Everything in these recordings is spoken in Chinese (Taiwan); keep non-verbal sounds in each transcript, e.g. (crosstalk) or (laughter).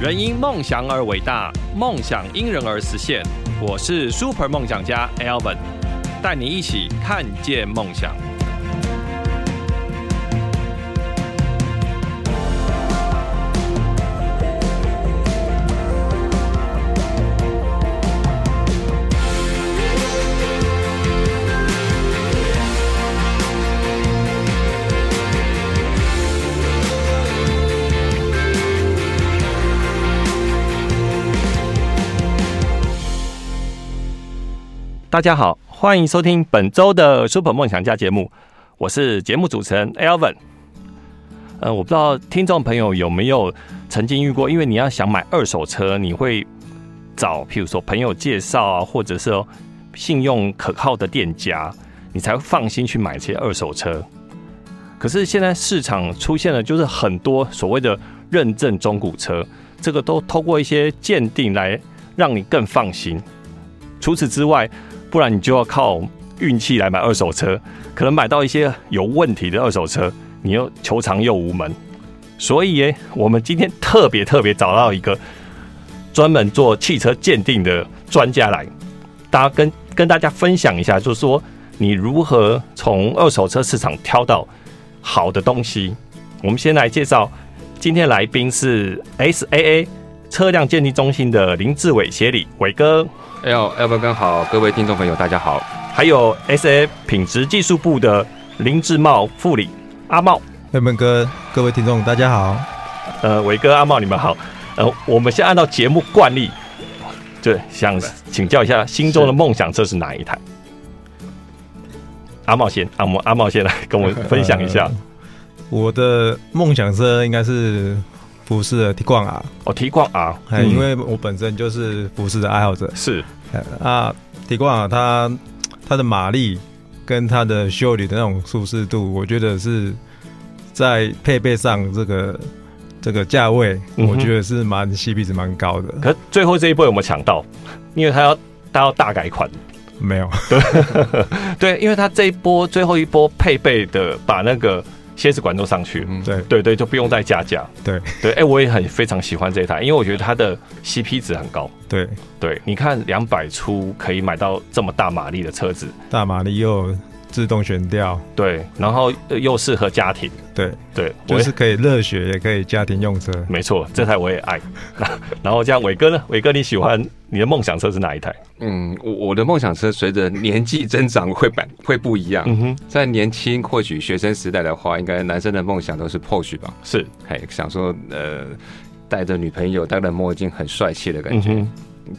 人因夢想而偉大，夢想因人而實現。我是 Super 夢想家 Alven，帶你一起看見夢想。大家好，歡迎收聽本周的《Super 夢想家》節目，我是節目主持人 Alvin。呃，我不知道聽眾朋友有沒有曾經遇過，因為你要想買二手車，你會找譬如說朋友介紹啊，或者是、哦、信用可靠的店家，你才會放心去買這些二手車。可是現在市場出現了，就是很多所謂的認證中古車，這個都透過一些鑑定來讓你更放心。除此之外，不然你就要靠運氣來買二手車，可能買到一些有問題的二手車，你又求償又無門。所以欸，我們今天特別特別找到一個專門做汽車鑑定的專家來，大家跟跟大家分享一下，就是說你如何從二手車市場挑到好的東西。我們先來介紹今天來賓是 SAA。車輛鑑定中心的林志偉協理偉哥，Alven 哥好，各位聽眾朋友大家好，還有 SAA 品質技術部的林繼懋副理阿茂 Alven 哥，各位聽眾大家好，呃，偉哥阿茂你們好，呃，我們先按照節目慣例，對，想請教一下心中的夢想車是哪一台？阿茂先，阿茂阿茂先來跟我分享一下，呃，我的夢想車應該是。福斯的 Tiguan，哦、Tiguan 啊，哦 Tiguan 啊，因為我本身就是福斯的愛好者。是啊 Tiguan 啊，他它它的馬力跟它的修理的那種舒適度，我覺得是在配備上這個這個價位、嗯，我覺得是蠻 CP 值蠻高的。可最後這一波有沒有搶到？因為它要它要大改款，沒有對， (laughs) 對，因為它這一波最後一波配備的把那個。先是關注上去，嗯、對對對，就不用再加價。對對，哎，我也很非常喜歡這一台，因為我覺得它的 CP 值很高。對對，你看兩百出可以買到這麼大馬力的車子，大馬力又。自動懸吊，對，然後又適合家庭，對對，就是可以熱血，也可以家庭用車，沒錯，這台我也愛。 (laughs) 然後，這樣偉哥呢？偉哥你喜歡你的夢想車是哪一台？嗯，我我的夢想車隨着年紀增長會變會不一樣。嗯哼，在年輕或許學生時代的話，應該男生的夢想都是破 o 吧？是，嘿想說呃，戴着女朋友戴着墨鏡很帥氣的感覺。嗯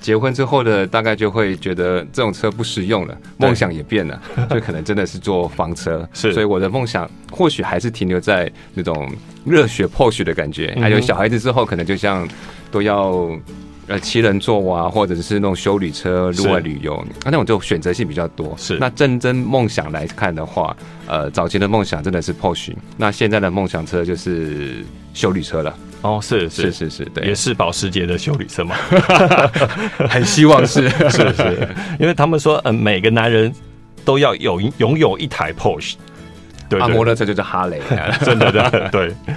結婚之後的大概就會覺得這種車不實用了，夢想也變了，就可能真的是坐房車。 (laughs) 是，所以我的夢想或許還是停留在那種熱血破血的感覺。還有小孩子之後可能就像都要、嗯、呃七人座啊，或者是那種休旅車戶外旅遊。那、啊、那種就選擇性比較多。是，那真正夢想來看的話，呃，早期的夢想真的是破雪，那現在的夢想車就是休旅車了。哦，是是是，是是是，對，也是保時捷的修理車嘛，哈哈哈，很希望是， (laughs) 是是，因為他們說，嗯、呃，每個男人都要有擁有一台 Porsche，對，對,對，阿、啊、摩托車就是哈雷、啊、 (laughs) 真的的，對。 (laughs)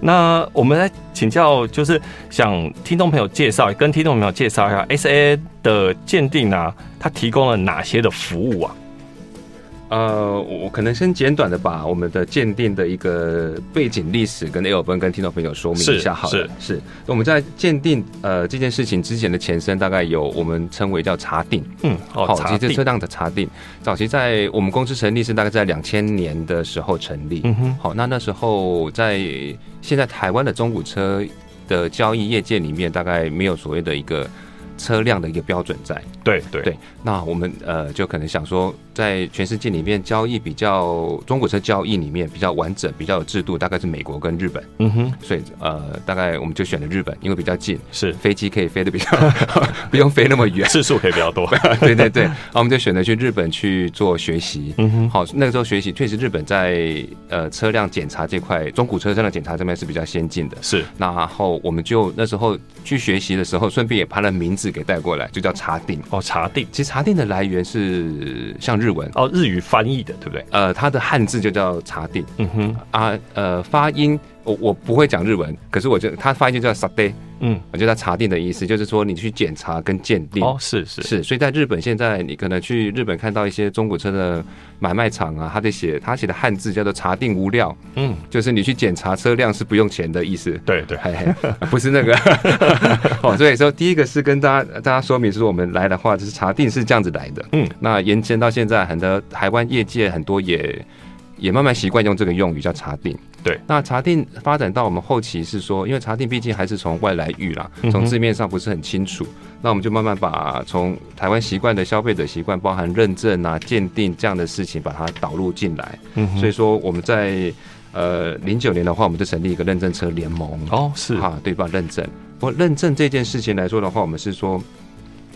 那我們來請教，就是想聽眾朋友介紹，跟聽眾朋友介紹一下 SAA 的鑑定啊，它提供了哪些的服務啊？呃，我可能先簡短的把我們的鑑定的一個背景歷史跟 Alven 跟聽眾朋友說明一下，好了。是，是，是我們在鑑定呃這件事情之前的前身，大概有我們稱為叫查定，嗯，好，其實車輛的查定、查定，早期在我們公司成立是大概在兩千年的時候成立，嗯哼，好，那那時候在現在台灣的中古車的交易業界裡面，大概沒有所謂的一個。車輛的一個標準在。對對對，那我們呃就可能想說，在全世界裡面交易比較，中古車交易裡面比較完整、比較有制度，大概是美國跟日本。嗯哼，所以呃，大概我們就選了日本，因為比較近，是飛機可以飛的比較， (laughs) (laughs) 不用飛那麼遠， (laughs) 次數可以比較多。 (laughs) 對對對，然後我們就選擇去日本去做學習。嗯哼，好，那個時候學習確實日本在呃車輛檢查這塊，中古車上的檢查這邊是比較先進的。是，然後我們就那時候去學習的時候，順便也拍了名字。給帶過來就叫查定哦，查定其實查定的來源是像日文哦，日語翻譯的對不對？呃，它的漢字就叫查定，嗯哼啊，呃，發音。我我不會講日文，可是我就他發音就叫 sate，嗯，我覺得查定的意思就是說你去檢查跟鑑定。哦，是是是，所以在日本現在你可能去日本看到一些中古車的買賣場啊，他在寫他寫的漢字叫做查定無料，嗯，就是你去檢查車輛是不用錢的意思，對對，對嘿嘿，不是那個，哦， (laughs) (laughs) 所以說第一個是跟大家大家說明說我們來的話就是查定是這樣子來的，嗯，那延伸到現在很多台灣業界很多也。也慢慢習慣用這個用語叫查定。對，那查定發展到我們後期是說，因為查定畢竟還是從外來語啦，從字面上不是很清楚。嗯、那我們就慢慢把從台灣習慣的消費者習慣，包含認證啊、鑑定這樣的事情，把它導入進來，嗯。所以說我們在呃零九年的話，我們就成立一個認證車聯盟。哦，是哈，對吧？認證。不過認證這件事情來說的話，我們是說，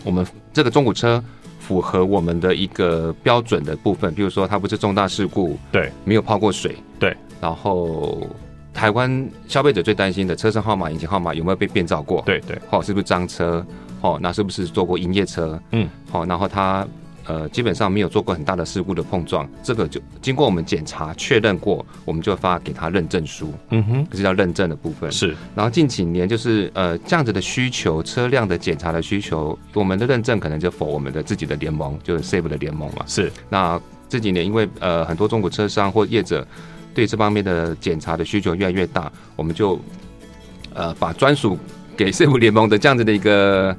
我們這個中古車。符合我們的一個標準的部分，比如說它不是重大事故，對，沒有泡過水，對。然後台灣消費者最擔心的，車身號碼、引擎號碼有沒有被變造過？對對。哦，是不是贓車？哦，那是不是做過營業車？嗯。哦，然後它。呃，基本上沒有做過很大的事故的碰撞，這個就經過我們檢查確認過，我們就發給他認證書。嗯哼，這叫認證的部分。是。然後近幾年就是呃這樣子的需求，車輛的檢查的需求，我們的認證可能就 for 我們的自己的聯盟，就是 SAA 的聯盟嘛。是。那這幾年因為呃很多中古車商或業者對這方面的檢查的需求越來越大，我們就呃把專屬給 SAA 聯盟的這樣子的一個。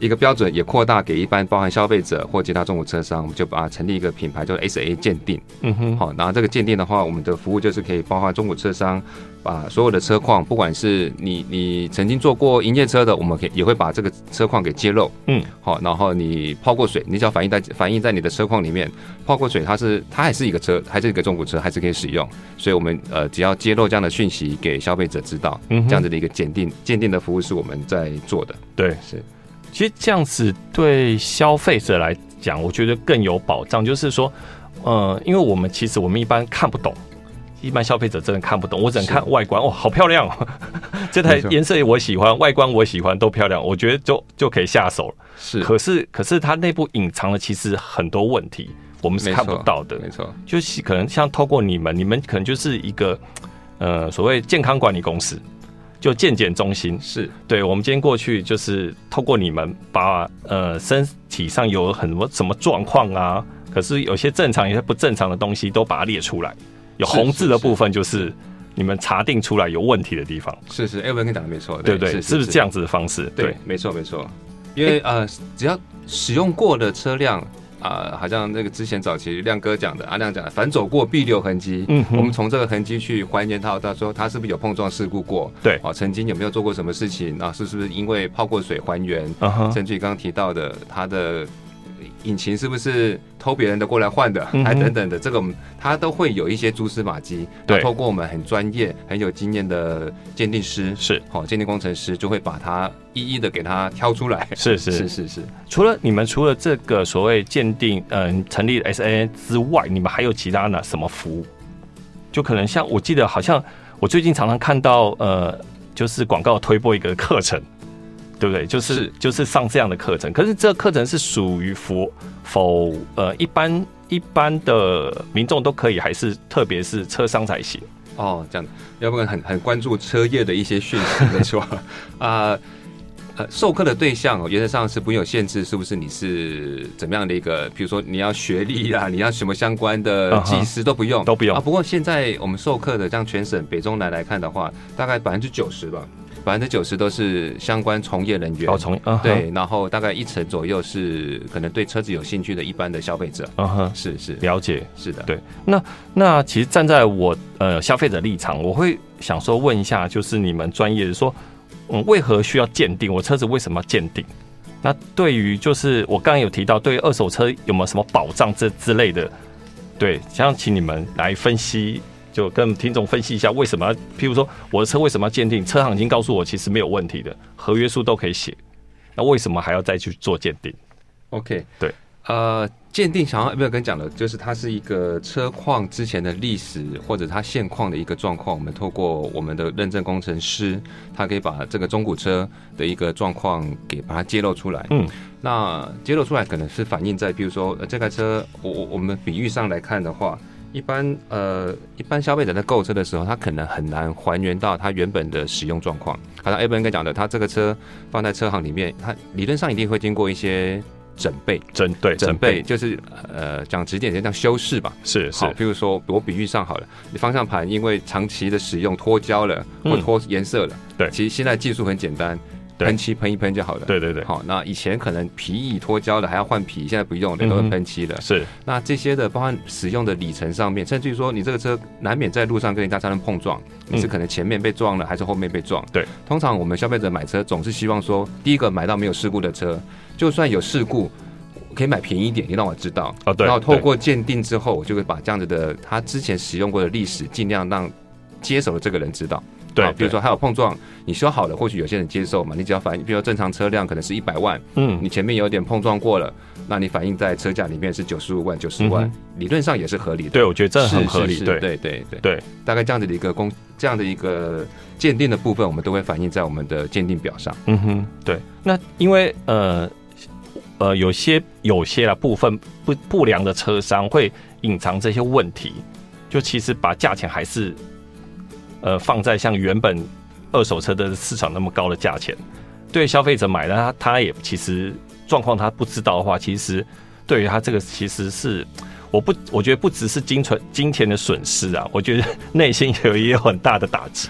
一個標準也擴大給一般包含消費者或其他中古車商，我們就把它成立一個品牌，叫 SAA 鑑定。嗯哼，好，然後這個鑑定的話，我們的服務就是可以包含中古車商把所有的車況，不管是你你曾經做過營業車的，我們可以也會把這個車況給揭露。嗯，好，然後你泡過水，你只要反映在反映在你的車況裡面，泡過水，它是它還是一個車，還是一個中古車，還是可以使用。所以，我們呃，只要揭露這樣的訊息給消費者知道，嗯，這樣子的一個鑑定鑑定的服務是我們在做的。對，是。其實這樣子對消費者來講，我覺得更有保障。就是說，呃，因為我們其實我們一般看不懂，一般消費者真的看不懂。我只能看外觀，哇，好漂亮喔！這台顏色我喜歡，外觀我喜歡，都漂亮，我覺得就就可以下手了。是，可是可是它內部隱藏了其實很多問題，我們是看不到的。沒錯，就是可能像透過你們，你們可能就是一個呃所謂健康管理公司。就健檢中心，是對，我們今天過去就是透過你們把呃身體上有很多什麼狀況啊，可是有些正常，有些不正常的東西都把它列出來，有紅字的部分就是你們查定出來有問題的地方。是是，艾文跟你講的沒錯，對不對，對？是不是這樣子的方式？是是是對，是是是對，沒錯沒錯，因為、欸、呃，只要使用過的車輛。啊，好像那個之前早期亮哥講的，阿、啊、亮講的，凡走過必留痕跡。嗯，我們從這個痕跡去還原它，他說他是不是有碰撞事故過？對，啊曾經有沒有做過什麼事情？啊，是是不是因為泡過水還原？啊、uh、哈 -huh，甚至於剛提到的，他的。引擎是不是偷別人的過來換的，還、嗯啊、等等的，這種他都會有一些蛛絲馬跡。對，透過我們很專業、很有經驗的鑑定師是，好鑑定工程師就會把它一一的給他挑出來。是是，是是是是。除了你們除了這個所謂鑑定，嗯、呃，成立的 SAA 之外，你們還有其他的什麼服務？就可能像我記得，好像我最近常常看到，呃，就是廣告推播一個課程。對不對？就是,是就是上這樣的課程，可是這個課程是屬於否否呃，一般一般的民眾都可以，還是特別是車商才行？哦，這樣，要不然很很關注車業的一些訊息 (laughs) 沒錯啊、呃。呃，授課的對象原則上是不用限制，是不是？你是怎麼樣的一個？比如說你要學歷啊，你要什麼相關的技師、uh-huh, 都不用，都不用啊。不過現在我們授課的，像全省北中南來看的話，大概百分之九十吧。百分之九十都是相關從業人員，哦，從業，對，然後大概一成左右是可能對車子有興趣的一般的消費者，嗯哼，是是，是，uh -huh, 了解，是的，對，那那其實站在我呃消費者立場，我會想說問一下，就是你們專業的說，嗯，為何需要鑑定？我車子為什麼要鑑定？那對於就是我剛剛有提到，對於二手車有沒有什麼保障這之類的？對，想要請你們來分析。就跟聽眾分析一下，為什麼？譬如說，我的車為什麼要鑑定？車行已經告訴我，其實沒有問題的，合約書都可以寫。那為什麼還要再去做鑑定？OK，對，呃，鑑定想要沒有跟你講的就是它是一個車況之前的歷史或者它現況的一個狀況。我們透過我們的認證工程師，他可以把這個中古車的一個狀況給把它揭露出來。嗯，那揭露出來可能是反映在，譬如說，呃，這台車我我我們比喻上來看的話。一般呃，一般消費者在購車的時候，他可能很難還原到他原本的使用狀況。好像 Alven 跟講的，他這個車放在車行裡面，他理論上一定會經過一些整備、整對整備，就是呃講直點先這樣修飾吧。是是，比如說我比喻上好了，你方向盤因為長期的使用脫膠了或脫顏色了、嗯，對，其實現在技術很簡單。噴漆噴一噴就好了。對對對，好、哦。那以前可能皮衣脫膠了，還要換皮，現在不用了、嗯，都噴漆了。是。那這些的，包含使用的里程上面，甚至於說，你這個車難免在路上跟一大車人碰撞，你是可能前面被撞了、嗯，還是後面被撞？對。通常我們消費者買車，總是希望說，第一個買到沒有事故的車，就算有事故，可以買便宜一點，你讓我知道啊、哦。對。然後透過鑑定之後，我就會把這樣子的他之前使用過的歷史，盡量讓接手的這個人知道。對，比如說還有碰撞，你修好了，或許有些人接受嘛。你只要反映，比如說正常車輛可能是一百萬，嗯，你前面有點碰撞過了，那你反映在車價裡面是九十五萬、九十萬，嗯、理論上也是合理的。對，我覺得這很合理，對對對對。大概這樣子的一個工，這樣的一個鑑定的部分，我們都會反映在我們的鑑定表上。嗯哼，對。那因為呃呃，有些有些的部分不不良的車商會隱藏這些問題，就其實把價錢還是。呃，放在像原本二手車的市場那麼高的價錢，對消費者買了，他他也其實狀況他不知道的話，其實對於他這個其實是，我不，我覺得不只是金錢金錢的損失啊，我覺得內心也有也有很大的打擊。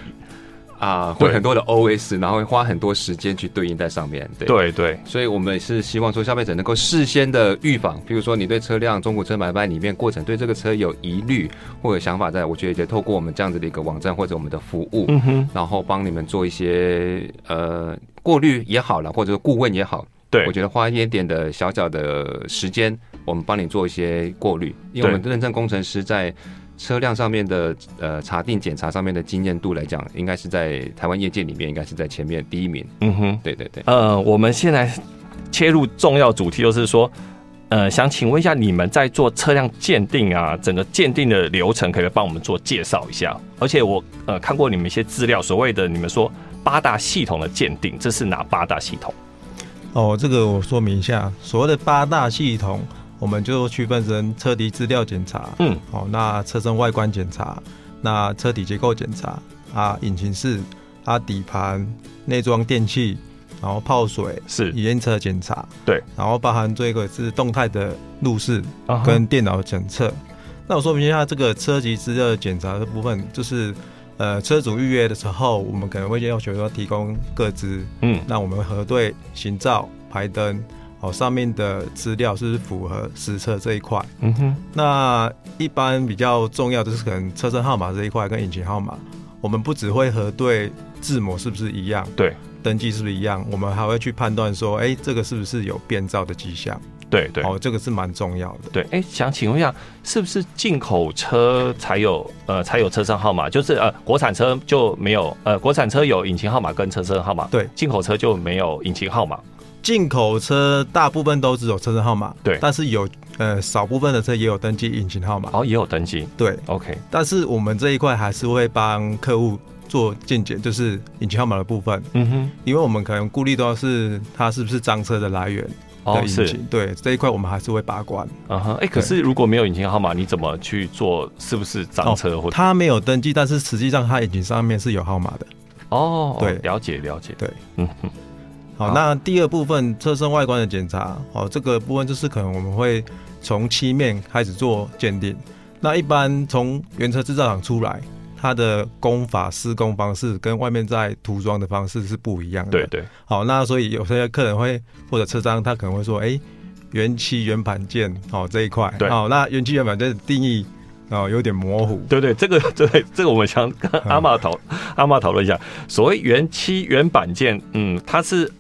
啊，會很多的 OS，然後會花很多時間去對應在上面。對、對、對，所以我們是希望說消費者能夠事先的預防，比如說你對車輛、中古車買賣裡面過程對這個車有疑慮或者想法在，在我覺得也透過我們這樣子的一個網站或者我們的服務，嗯哼，然後幫你們做一些呃過濾也好了，或者是顧問也好，對，我覺得花一點的小小的時間，我們幫你做一些過濾，因為我們認證工程師在。車輛上面的呃查定檢查上面的經驗度來講，應該是在台灣業界裡面應該是在前面第一名。嗯哼，對對對。呃，我們現在切入重要主題，就是說，呃，想請問一下，你們在做車輛鑑定啊，整個鑑定的流程，可以幫我們做介紹一下？而且我呃看過你們一些資料，所謂的你們說八大系統的鑑定，這是哪八大系統？哦，這個我說明一下，所謂的八大系統。我們就區分成車體資料檢查，嗯，哦，那車身外觀檢查，那車體結構檢查啊，引擎室啊，底盤內裝電器，然後泡水是，驗車檢查，對，然後包含這個是動態的路試跟電腦檢測、uh -huh。那我說明一下這個車籍資料檢查的部分，就是呃，車主預約的時候，我們可能會要求說提供個資，嗯，那我們核對行照、牌燈。哦，上面的資料是，是符合實車這一塊。嗯哼。那一般比較重要的是可能車身號碼這一塊跟引擎號碼，我們不只會核對字母是不是一樣，對，登記是不是一樣，我們還會去判斷說，哎、欸，這個是不是有變造的跡象？對，對對。哦，這個是蠻重要的。對。哎、欸，想請問一下，是不是進口車才有呃才有車身號碼？就是呃，國產車就沒有呃，國產車有引擎號碼跟車身號碼，對，進口車就沒有引擎號碼。進口車大部分都只有車身號碼，對，但是有呃少部分的車也有登記引擎號碼，哦，也有登記，對，OK。但是我們這一塊還是會幫客戶做鑑定，就是引擎號碼的部分，嗯哼，因為我們可能顧慮到，是它是不是贓車的來源的，哦，是，對，這一塊我們還是會把關。啊、嗯、哎、欸，可是如果沒有引擎號碼，你怎麼去做是不是贓車？或者他沒有登記，但是實際上他引擎上面是有號碼的哦，哦，對，了解了解，對，嗯哼。好，那第二部分車身外觀的檢查，哦，這個部分就是可能我們會從漆面開始做鑑定。那一般從原車制造廠出來，它的工法施工方式跟外面在塗裝的方式是不一樣的。對對。好，那所以有些客人會或者車商他可能會說，哎、欸，原漆原板件，哦，這一塊。對。哦，那原漆原板件的定義哦有點模糊。對對，這個對這個我們想跟阿媽討 (laughs) 阿瑪討論一下。所謂原漆原板件，嗯，它是。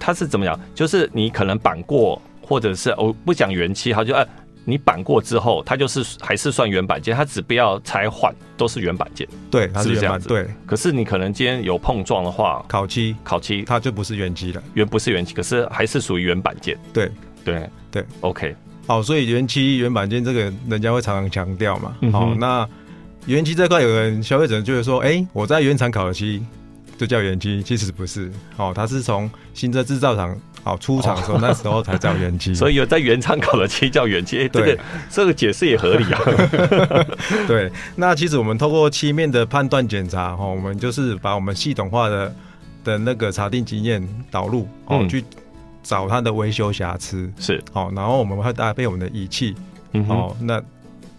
它是怎麼講？就是你可能板過，或者是我不講原漆，他就按你板過之後，它就是還是算原板件，它只不要拆換，都是原板件，對，它是,原是,是這樣子，對。可是你可能今天有碰撞的話，烤漆，烤漆，它就不是原漆了，原不是原漆，可是還是屬於原板件，對，對，對，OK。好、哦，所以原漆原板件這個人家會常常強調嘛。好、嗯哦，那原漆這塊，有人消費者就會說，哎、欸，我在原廠烤的漆。就叫原漆，其實不是哦，他是從新車制造廠哦出廠的時候、哦、那時候才叫原漆 (laughs) 所以有在原廠搞的漆叫原漆，欸，對，這個、這個、解釋也合理啊。 (laughs) (laughs) 對，那其實我們透過漆面的判斷檢查哦，我們就是把我們系統化的的那個查定經驗導入哦、嗯，去找它的維修瑕疵是好、哦，然後我們會搭配我們的儀器、嗯、哦，那。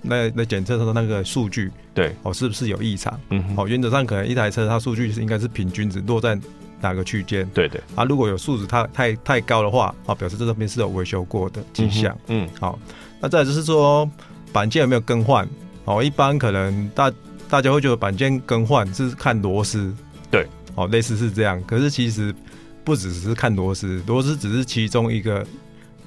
那那檢測它的那個數據，對，哦，是不是有異常？嗯，好、哦，原則上可能一台車它數據是應該是平均值落在哪個區間？對對，啊，如果有數值它太太，太高的話，啊、哦，表示這邊是有維修過的跡象。嗯，好、嗯哦，那再來就是說板件有沒有更換？哦，一般可能大大家會覺得板件更換是看螺絲，對，哦，類似是這樣。可是其實不只是看螺絲，螺絲只是其中一個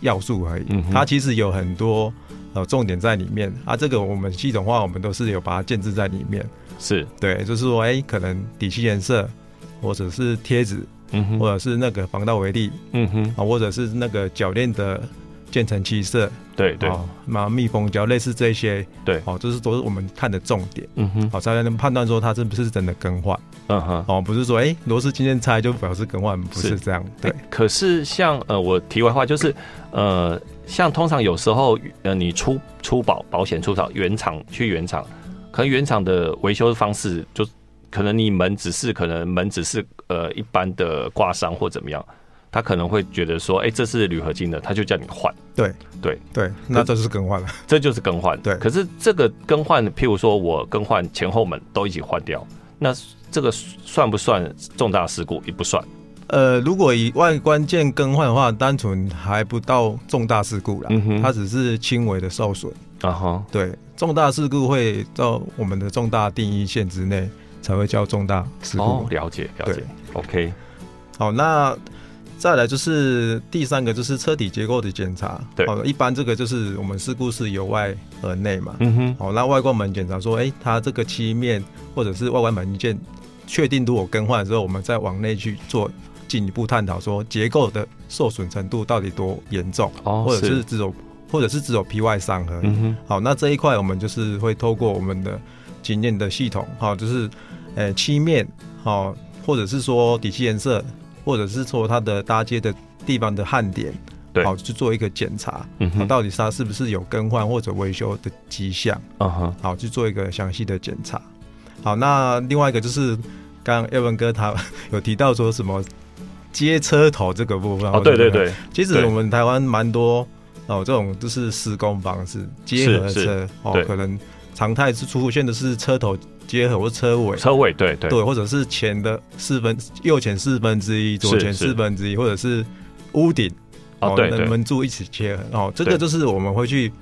要素而已。嗯，它其實有很多。呃，重點在裡面啊，這個我們系統化，我們都是有把它建置在裡面，是，對，就是說，哎、欸，可能底漆顏色，或者是貼紙，嗯哼，或者是那個防盜圍地，嗯哼，啊，或者是那個鉸鏈的。建成漆色，對對，啊、哦，密封膠類似這些，對，哦，這、就是都是我們看的重點，嗯哼，好，才能判斷說它是不是真的更換，嗯哼，哦，不是說哎、欸、螺絲今天拆就表示更換，不是這樣，對。可是像呃，我題外話就是，呃，像通常有時候，呃，你出出保保險，出廠原廠去原廠，可能原廠的維修方式就可能你門只是可能門只是呃一般的刮傷或怎麼樣。他可能會覺得說，哎、欸，這是鋁合金的，他就叫你換。對對對，那這就是更換了這，這就是更換。對，可是這個更換，譬如說我更換前後門都一起換掉，那這個算不算重大事故？也不算。呃，如果以外觀件更換的話，單純還不到重大事故了、嗯。它只是輕微的受損。啊、嗯、哈，對，重大事故會到我們的重大定義線之內才會叫重大事故。哦、了解，了解。OK，好，那。再來就是第三個，就是車底結構的檢查。對、哦，一般這個就是我們事故是由外而內嘛。嗯哼。哦，那外觀門檢查說，哎、欸，它這個漆面或者是外觀門件，確定如果更換的時候，我們再往內去做進一步探討，說結構的受損程度到底多嚴重、哦，或者是只有，或者是只有皮外傷痕。嗯哼。好，那這一塊我們就是會透過我們的經驗的系統，哈、哦，就是，哎、呃，漆面，好、哦，或者是說底漆顏色。或者是說它的搭接的地方的焊點，好去、哦、做一個檢查，嗯到底它是不是有更換或者維修的跡象，好、嗯、去、哦、做一個詳細的檢查。好，那另外一個就是，剛 Alven 哥他有提到說什麼接車頭這個部分，哦對，對對對，其實我們台灣蠻多哦這種就是施工方式接合車，是是哦可能常態是出現的是車頭。接合或車尾、車尾對對對，對，或者是前的四分右前四分之一、左前四分之一，是是或者是屋頂哦，能對門柱一起切哦，這個就是我們會去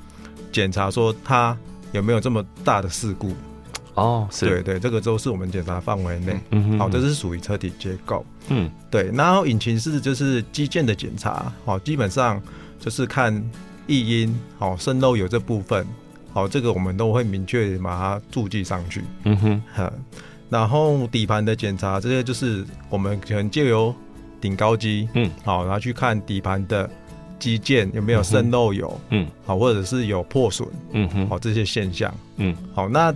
檢查說它有沒有這麼大的事故哦，對對，對對，這個都是我們檢查範圍內，嗯、哦、好、哦，這是屬於車體結構，嗯，嗯，對，然後引擎室就是機件的檢查，好、哦，基本上就是看異音、好、哦、滲漏油這部分。好，這個我們都會明確把它注記上去。嗯哼，嗯，然後底盤的檢查，這些就是我們可能借由頂高機，嗯，好，然後去看底盤的機件有沒有滲漏油嗯，嗯，好，或者是有破損，嗯哼，好，這些現象，嗯，好，那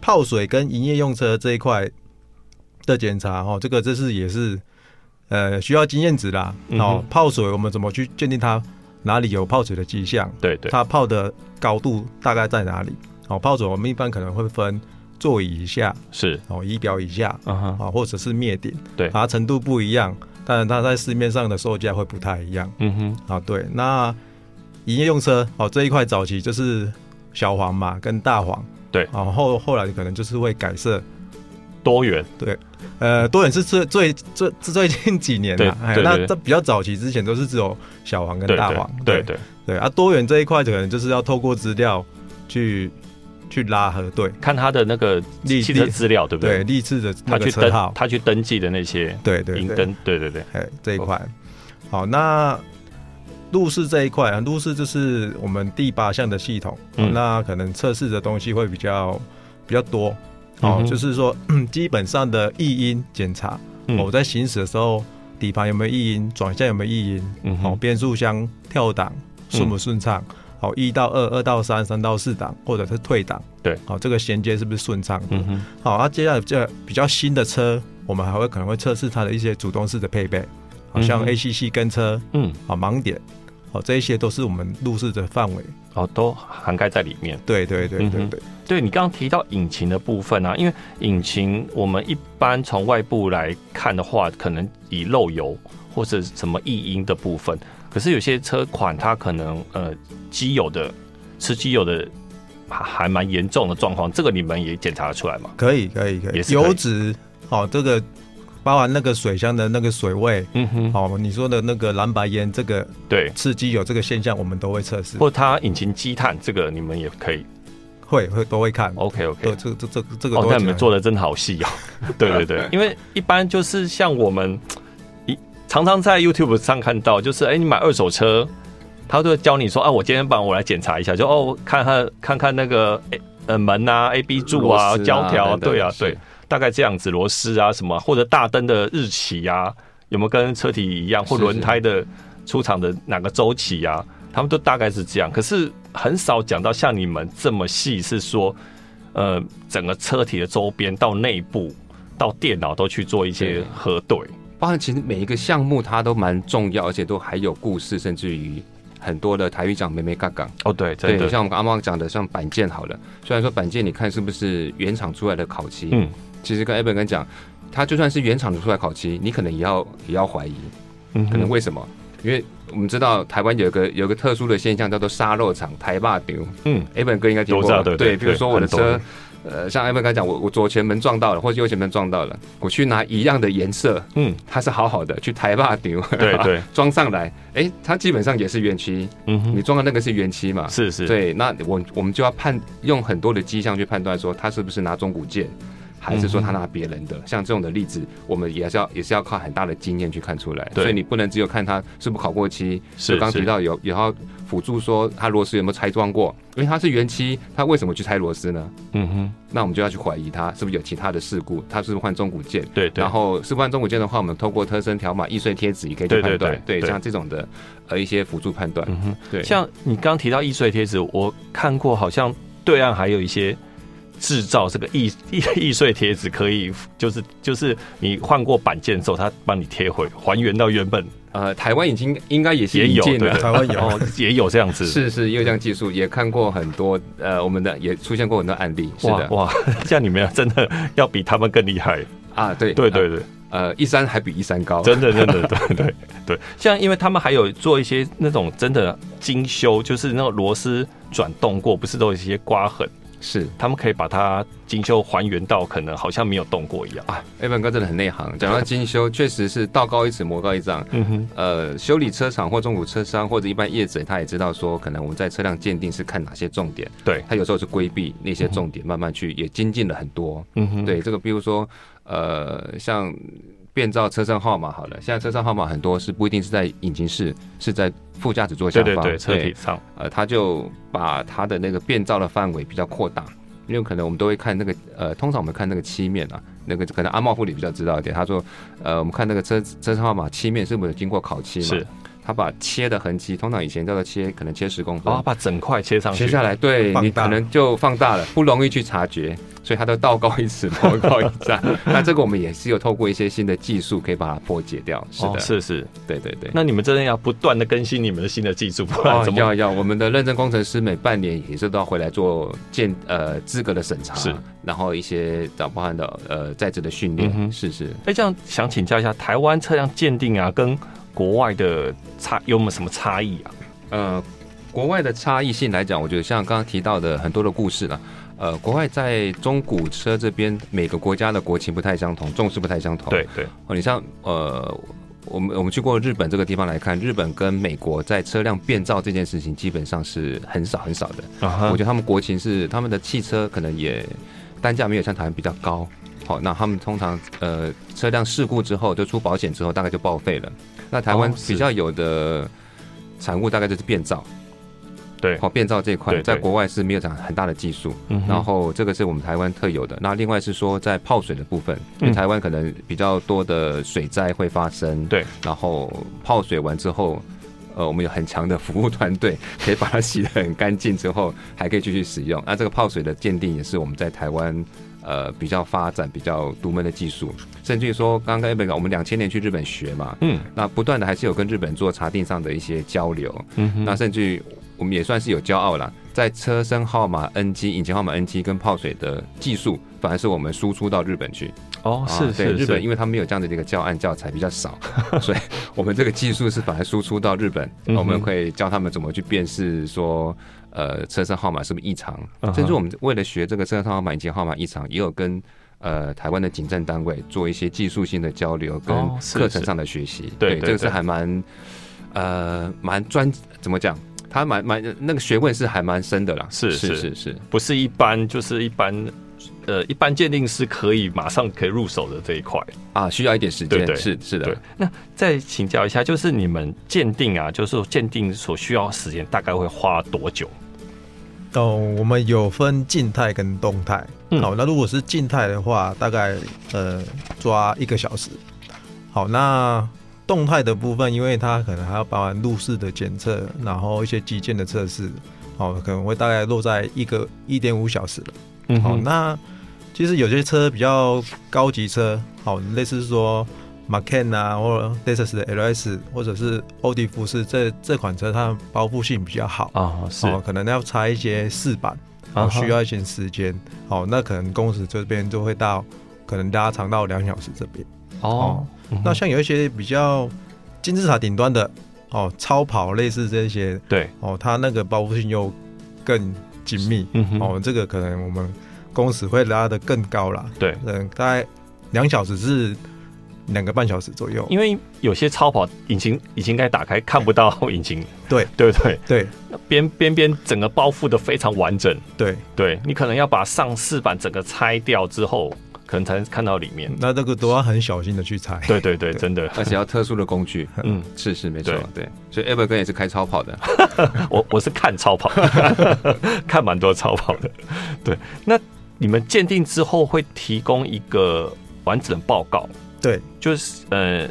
泡水跟營業用車這一塊的檢查，哈、哦，這個這是也是呃需要經驗值啦。嗯、然後泡水，我們怎麼去鑑定它哪裡有泡水的跡象？對，對對，它泡的。高度大概在哪裡？哦，泡水我們一般可能會分座椅以下，是哦，儀表以下，uh -huh, 啊，或者是滅頂，對，它、啊、程度不一樣，但是它在市面上的售價會不太一樣，嗯哼，啊，對，那營業用車哦這一塊早期就是小黃嘛跟大黃，對，啊後後來可能就是會改色。多元對，呃，多元是最最最最近幾年了、啊，哎，那這比較早期之前都是只有小黃跟大黃，對對對，對，對，對，對啊，多元這一塊可能就是要透過資料去去拉核對，看他的那個履歷資料對不對？對履歷的車號，他去登，他去登記的那些，對對，登，對對對，哎、嗯對對對，這一塊、哦、好，那路試這一塊，路試就是我們第八項的系統，嗯、那可能測試的東西會比較比較多。哦、嗯，就是說，基本上的異音檢查，我、嗯、在行駛的時候，底盤有沒有異音，轉向有沒有異音、嗯，哦，變速箱跳檔順不順暢、嗯，哦，一到二，二到三，三到四檔，或者是退檔，對，哦，這個銜接是不是順暢？嗯，好、哦，那、啊、接下來這比較新的車，我們還會可能會測試它的一些主動式的配備，好、哦、像 A C C 跟車，嗯，啊、哦，盲點，哦，這一些都是我們路試的範圍。哦，都涵蓋在裡面。對對對對、嗯哼，對，對，你剛剛提到引擎的部分啊，因為引擎我們一般從外部來看的話，可能以漏油或者什麼異音的部分，可是有些車款它可能呃機油的吃機油的還還蠻嚴重的狀況，這個你們也檢查得出來嗎？可以可以可以，可以，油脂好、哦、這個。包含那個水箱的那個水位，嗯哼，好、哦，你說的那個藍白煙，這個對，刺激有這個現象，我們都會測試。或它引擎積碳，這個你們也可以，會會都會看。OK OK，這這這這個，我、這個哦、看你們做的真的真好細哦。 (laughs) 對對對， (laughs) 因為一般就是像我們一常常在 YouTube 上看到，就是哎、欸，你買二手車，他都會教你說啊，我今天幫我來檢查一下，就哦，看看看看那個 A，呃門啊，A B 柱啊，膠條、啊，對啊，對，對，對。對對大概這樣子，螺絲啊什麼，或者大燈的日期呀、啊，有沒有跟車體一樣，或輪胎的出廠的哪個周期呀、啊？是是他們都大概是這樣，可是很少講到像你們這麼細，是說呃，整個車體的周邊到內部到電腦都去做一些核對。發現其實每一個項目它都蠻重要，而且都還有故事，甚至於很多的台語講妹妹槓槓哦，對對，像我們剛剛講的像板件好了，雖然說板件你看是不是原廠出來的烤漆，嗯。其實跟 Aben 哥講，他就算是原廠的出來烤漆，你可能也要也要懷疑，嗯，可能為什麼？因為我們知道台灣有一個有一個特殊的現象叫做“殺肉廠”，台霸丟。嗯，Aben 哥應該聽過對對對。對，比如說我的車，呃，像 Aben 哥講，我我左前門撞到了，或者右前門撞到了，我去拿一樣的顏色，嗯，它是好好的，去台霸丟，對對,對，裝上來，哎、欸，它基本上也是原漆。嗯哼，你裝的那個是原漆嘛？是是。對，那我我們就要判用很多的跡象去判斷說，它是不是拿中古件。還是說他拿別人的、嗯，像這種的例子，我們也是要也是要靠很大的經驗去看出來。所以你不能只有看他是不是烤過漆，就剛提到有也要輔助說他螺絲有沒有拆裝過，因為它是原漆，他為什麼去拆螺絲呢？嗯哼，那我們就要去懷疑他是不是有其他的事故，他是不是換中古件。對，對，對，然後是不是換中古件的話，我們透過車身條碼易碎貼紙也可以去判斷。對，對，對，對，對像這種的呃一些輔助判斷。嗯哼。對，像你剛剛提到易碎貼紙，我看過，好像對岸還有一些。製造這個易易易碎貼紙，可以就是就是你換過板件之後，它幫你貼回，還原到原本。呃，台灣已經應該也是也有台灣有也有這樣子，是是，有這樣技術，也看過很多呃，我們的也出現過很多案例。是的。哇，像你們真的要比他們更厲害啊！對對對對，呃，一山還比一山高，真的真的對對對，對。像因為他們還有做一些那種真的精修，就是那個螺絲轉動過，不是都有一些刮痕。是，他們可以把它精修還原到可能好像沒有動過一樣啊！Alven 哥真的很內行，講到精修，確實是道高一尺，魔高一丈。嗯哼，呃，修理車廠或中古車商或者一般業者，他也知道說，可能我們在車輛鑑定是看哪些重點。對，他有時候是規避那些重點，嗯、慢慢去也精進了很多。嗯哼，對這個，比如說，呃，像。變造車身號碼好了，現在車身號碼很多是不一定是在引擎室，是在副駕駛座下方，對對對，車體上。呃，他就把他的那個變造的範圍比較擴大，因為可能我們都會看那個呃，通常我們看那個漆面啊，那個可能阿茂副理比較知道一點。他說，呃，我們看那個車車身號碼漆面是不是經過烤漆嘛？是他把切的痕跡，通常以前叫做切可能切十公分，哦，把整塊切上去。切下來，對你可能就放大了，不容易去察覺，所以他都道高一尺，魔高一丈。 (laughs) 那這個我們也是有透過一些新的技術可以把它破解掉，是的、哦，是是，對對對。那你們真的要不斷的更新你們的新的技術，不然怎麼？哦、要要，我們的認證工程師每半年也是都要回來做鑑呃資格的審查，是，然後一些找報案的呃在職的訓練，嗯、是是。那這樣想請教一下，台灣車輛鑑定啊，跟國外的差有沒有什麼差異啊？呃，國外的差異性來講，我覺得像剛剛提到的很多的故事呢、啊。呃，國外在中古車這邊，每個國家的國情不太相同，重視不太相同。對對。哦，你像呃，我們我們去過日本這個地方來看，日本跟美國在車輛變造這件事情基本上是很少很少的。Uh-huh. 我覺得他們國情是他們的汽車可能也單價沒有像台灣比較高。好、哦，那他們通常呃車輛事故之後就出保險之後大概就報廢了。那台灣比較有的產物大概就是變造，哦、對，好、喔、變造這一塊在國外是沒有長很大的技術、嗯，然後這個是我們台灣特有的。那另外是說在泡水的部分，台灣可能比較多的水災會發生，對、嗯，然後泡水完之後，呃，我們有很強的服務團隊可以把它洗得很乾淨之後，還可以繼續使用。那這個泡水的鑑定也是我們在台灣。呃，比較發展比較獨門的技術，甚至於說，剛剛日本講，我們兩千年去日本學嘛，嗯，那不斷的還是有跟日本做查定上的一些交流，嗯哼，那甚至於我們也算是有驕傲啦，在車身號碼 NG、引擎號碼 NG 跟泡水的技術，反而是我們輸出到日本去。哦，是，是，是、啊、對日本，因為他們沒有這樣的一個教案，教材比較少， (laughs) 所以我們這個技術是把它輸出到日本，嗯、我們可以教他們怎麼去辨識說，呃，車身號碼是不是異常、嗯。甚至我們為了學這個車身號碼以及號碼異常，也有跟呃台灣的警政單位做一些技術性的交流跟課程上的學習、哦。對，對對對對這個是還蠻，呃，蠻專，怎麼講？他蠻蠻那個學問是還蠻深的啦，是是。是是是，不是一般，就是一般。呃，一般鑑定是可以馬上可以入手的這一塊啊，需要一點時間，對，對對，是是的。那再請教一下，就是你們鑑定啊，就是鑑定所需要時間大概會花多久？哦，我們有分靜態跟動態。好、嗯哦，那如果是靜態的話，大概呃抓一個小時。好，那動態的部分，因為它可能還要包含路試的檢測，然後一些機件的測試，哦，可能會大概落在一個一點五小時了。嗯，好、哦，那其實有些車比較高級車，好、哦，類似說 Macan 啊，或者 Lexus 的 LS，或者是奧迪富士這這款車，它的包覆性比較好啊，是、哦，可能要拆一些飾板，然後需要一些時間、啊，哦，那可能工時這邊就會到，可能拉長到兩小時這邊。哦,哦、嗯，那像有一些比較金字塔頂端的，哦，超跑類似這些，對，哦，它那個包覆性又更。緊密、嗯哼，哦，這個可能我們工時會拉的更高啦，對，嗯、大概兩小時至兩個半小時左右。因為有些超跑引擎引擎蓋打開，看不到引擎，欸、 (laughs) 對，對，對對？對，邊邊邊整個包覆的非常完整，對對，對，你可能要把上飾板整個拆掉之後。能才能看到裡面，那這個都要很小心的去拆，對對對，對，真的，而且要特殊的工具。嗯，是是沒錯對，對。所以 Alven 哥也是開超跑的，我 (laughs) 我是看超跑的， (laughs) (laughs) 看蠻多超跑的。對，那你們鑑定之後會提供一個完整的報告？對，就是呃，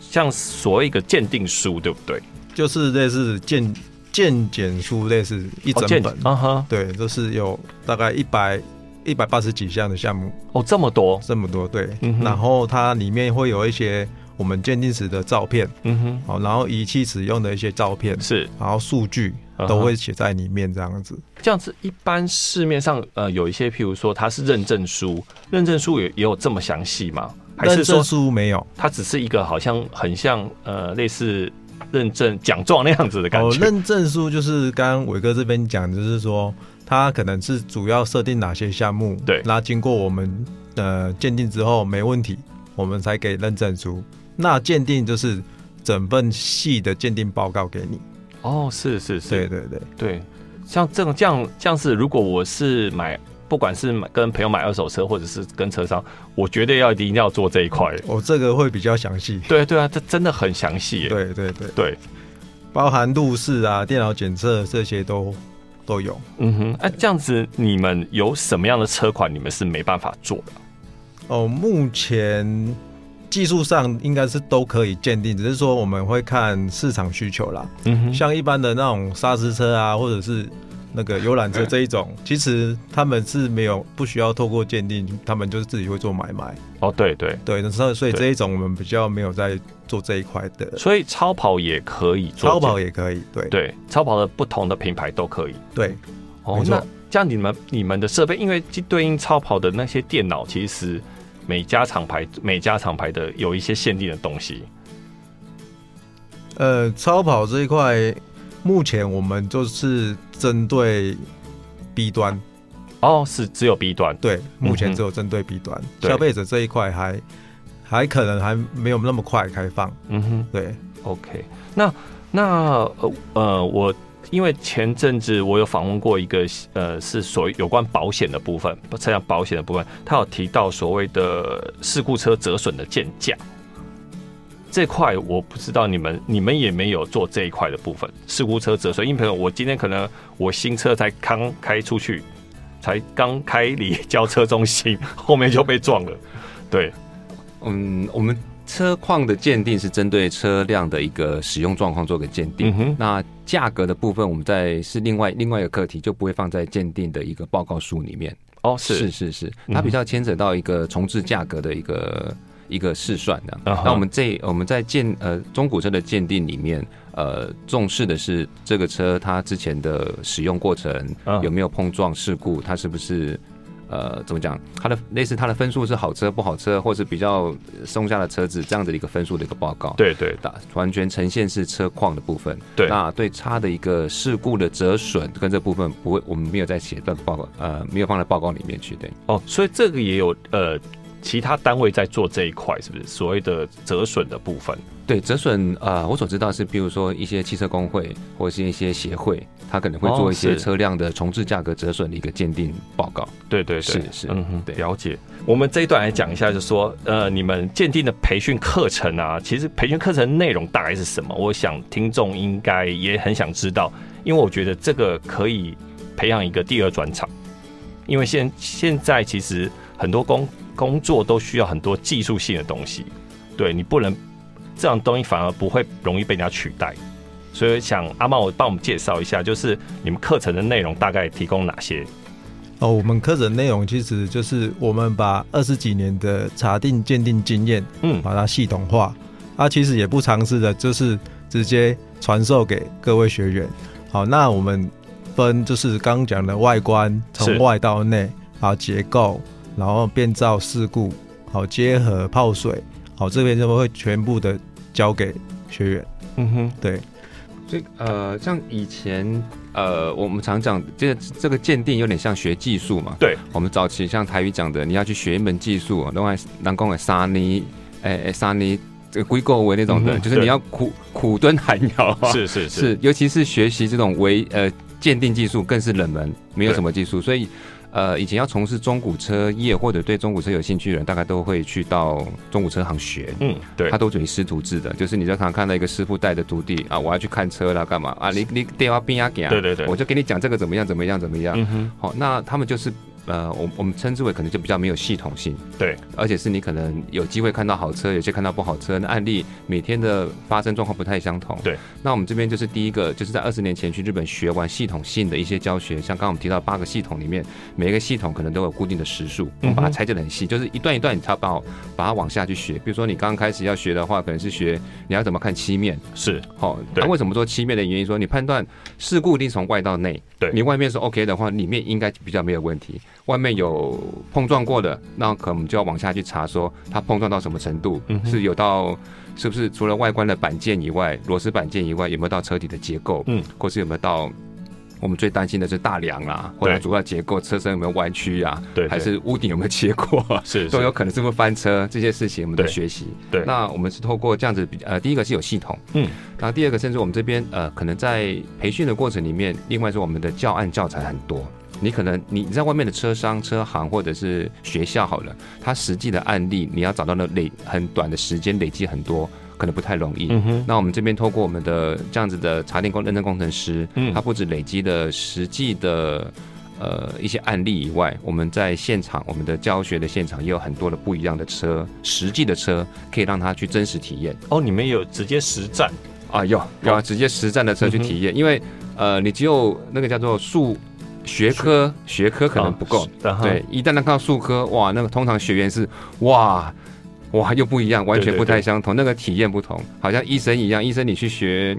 像所謂一個鑑定書，對不對？就是類似鑑鑑檢書，類似一整本啊哈、哦。對，就是有大概一百。一百八十幾項的項目哦，這麼多，這麼多對，嗯哼，然後它裡面會有一些我們鑑定時的照片，嗯哼，好，然後儀器使用的一些照片是，然後數據都會寫在裡面這樣子。這樣子，一般市面上呃有一些，譬如說它是認證書，認證書也也有這麼詳細嗎？還是說書沒有，它只是一個好像很像呃類似認證獎狀那樣子的感覺。哦，認證書就是剛剛偉哥這邊講，就是說。它可能是主要設定哪些項目？對，那經過我們呃鑑定之後沒問題，我們才給認證書。那鑑定就是整份細的鑑定報告給你。哦，是是是，對對對對。像這種這樣這樣是，如果我是買，不管是買跟朋友買二手車，或者是跟車商，我絕對要一定一定要做這一塊。哦，這個會比較詳細。對啊對啊，這真的很詳細。對對對對，包含路試啊、電腦檢測這些都。都有，嗯哼，哎、啊，這樣子你們有什麼樣的車款，你們是沒辦法做的？哦，目前技術上應該是都可以鑑定，只是說我們會看市場需求啦。嗯哼，像一般的那種砂石車啊，或者是。那個遊覽車這一種，嗯，其實他們是沒有不需要透過鑑定，他們就是自己會做買賣。哦，對對對，那所以這一種我們比較沒有在做這一塊的。所以超跑也可以做，超跑也可以，對對，超跑的不同的品牌都可以。對，哦，那像你們你們的設備，因為對應超跑的那些電腦，其實每家廠牌每家廠牌的有一些限定的東西。呃，超跑這一塊。目前我們就是針對 B 端，哦，是只有 B 端，對，嗯、目前只有針對 B 端消費者這一塊，還還可能還沒有那麼快開放，嗯哼，對，OK，那那呃我因為前陣子我有訪問過一個呃是所謂有關保險的部分，車輛保險的部分，他有提到所謂的事故車折損的鑑價。這塊我不知道你們，你們也沒有做這一塊的部分。事故車折損，因為朋友，我今天可能我新車才剛開出去，才剛開離交車中心，後面就被撞了。對，嗯，我們車況的鑑定是針對車輛的一個使用狀況做個鑑定。嗯、那價格的部分，我們在是另外另外一個課題，就不會放在鑑定的一個報告書裡面。哦，是是，是是，是它比較牽扯到一個重置價格的一個。一個試算的，uh -huh. 那我們這我們在鑑呃中古車的鑑定裡面，呃，重視的是這個車它之前的使用過程，uh -huh. 有沒有碰撞事故，它是不是呃怎麼講它的類似它的分數是好車不好車，或是比較松下的車子這樣的一個分數的一個報告，對對打完全呈現是車況的部分。對，那對差的一個事故的折損跟這部分不會，我們沒有在寫在、那個、報告呃沒有放在報告裡面去對哦，所以這個也有呃。其他單位在做這一塊，是不是所謂的折損的部分？對，折損啊，呃，我所知道是，比如說一些汽車工會或是一些協會，他可能會做一些車輛的重置價格折損的一個鑑定報告。哦、對對，對是是，嗯哼，了解。我們這一段來講一下，就是說呃，你們鑑定的培訓課程啊，其實培訓課程內容大概是什麼？我想聽眾應該也很想知道，因為我覺得這個可以培養一個第二轉場，因為現現在其實很多工。工作都需要很多技術性的東西，對你不能，這樣東西反而不會容易被人家取代，所以想阿茂，我幫我們介紹一下，就是你們課程的內容大概提供哪些？哦，我們課程內容其實就是我們把二十幾年的查定鑑定經驗，嗯，把它系統化、嗯，啊，其實也不嘗試的，就是直接傳授給各位學員。好，那我們分就是剛講的外觀，從外到內，然後結構。然後變造事故，好結合泡水，好這邊就會全部的交給學員。嗯哼，對。所以呃，像以前呃，我們常講，這個、這個鑑定有點像學技術嘛。對。我們早期像台語講的，你要去學一門技術，另外南工的三年，哎三年，這個四個月那種的，嗯，就是你要苦苦蹲寒窯、啊。是是是，是。尤其是學習這種維呃鑑定技術，更是冷門，沒有什麼技術，所以。呃，以前要從事中古車業或者對中古車有興趣的人，大概都會去到中古車行學。嗯，對，他都屬於師徒制的，就是你在常看到一個師傅帶着徒弟啊，我要去看車啦，幹嘛啊？你你電話邊壓給啊？對對對，我就給你講這個怎麼樣，怎麼樣，怎麼樣。好，嗯哼，哦，那他們就是。呃，我我們稱之為可能就比較沒有系統性，對，而且是你可能有機會看到好車，有些看到不好車，那案例每天的發生狀況不太相同，對。那我們這邊就是第一個，就是在二十年前去日本學完系統性的一些教學，像剛剛我們提到八個系統裡面，每一個系統可能都有固定的時數，我們把它拆解得很細，嗯，就是一段一段你差不多，你要把把它往下去學。比如說你剛剛開始要學的話，可能是學你要怎麼看漆面，是，哦，那、啊、為什麼說漆面的原因？說你判斷事故一定從外到內。對，你外面是 OK 的話，裡面應該比較沒有問題。外面有碰撞過的，那可能就要往下去查，說它碰撞到什麼程度，嗯，是有到是不是除了外觀的板件以外，螺絲板件以外，有沒有到車體的結構，嗯，或是有沒有到。我們最擔心的是大梁啊，或者主要結構、車身有沒有彎曲啊？還是屋頂有沒有切過啊，是，都有可能這麼翻車是是。這些事情我們都學習。對，那我們是透過這樣子，呃，第一個是有系統，嗯，然後第二個，甚至我們這邊呃，可能在培訓的過程裡面，另外說我們的教案教材很多。你可能你在外面的車商、車行或者是學校好了，它實際的案例，你要找到那累很短的時間累積很多。可能不太容易。嗯、那我們這邊透過我們的這樣子的查電工認證工程師，嗯、他不止累積的實際的呃一些案例以外，我們在現場我們的教學的現場也有很多的不一樣的車，實際的車可以讓他去真實體驗。哦，你們有直接實戰啊？有有、啊哦、直接實戰的車去體驗，嗯，因為呃，你只有那個叫做數學科學，學科可能不夠。對，一旦他看到數科，哇，那個通常學員是哇。哇，又不一樣，完全不太相同。對對對對，那個體驗不同，好像醫生一樣。醫生，你去學，